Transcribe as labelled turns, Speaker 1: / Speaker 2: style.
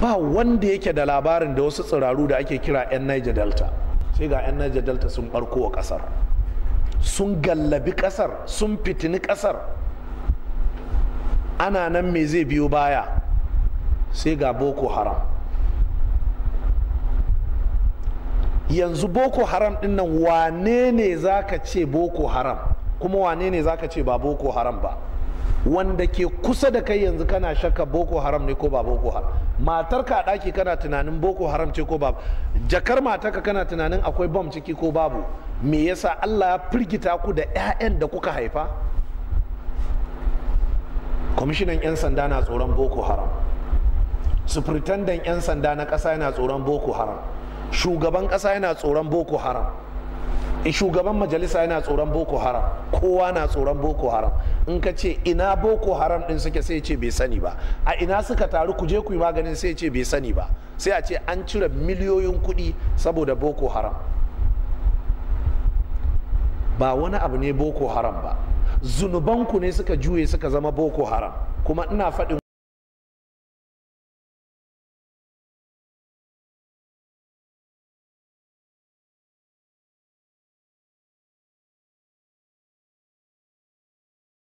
Speaker 1: ba wanda yake da labarin da wasu tsiraru da ake kira 'yan niger delta sai ga 'yan niger delta sun ɓarko wa ƙasar, sun gallabi ƙasar, sun fitini ƙasar, ana nan me zai biyo baya sai ga boko haram yanzu boko haram din nan wane ne za ka ce boko haram kuma wane ne za ka ce ba boko haram ba wanda ke kusa da kai yanzu kana shakka boko haram ne ko ba boko haram matarka a daki kana tunanin boko haram ce ko ba jakar matar ka kana tunanin akwai bom ciki ko babu me yasa allah ya firgita ku da 'ya'yan da kuka haifa kwamishinan 'yan sanda na tsoron boko haram sufritandan 'yan sanda na ƙasa yana tsoron boko haram shugaban ƙasa yana tsoron boko haram Eh, shugaban majalisa yana tsoron boko haram kowa na tsoron boko haram in ka ce ina boko haram din suke sai ce bai sani ba a ina suka taru ku je ku yi maganin sai ce bai sani ba sai a ce an cire miliyoyin kuɗi saboda boko haram ba wani abu ne boko haram ba zunubanku ne suka juye suka zama boko haram kuma ina faɗin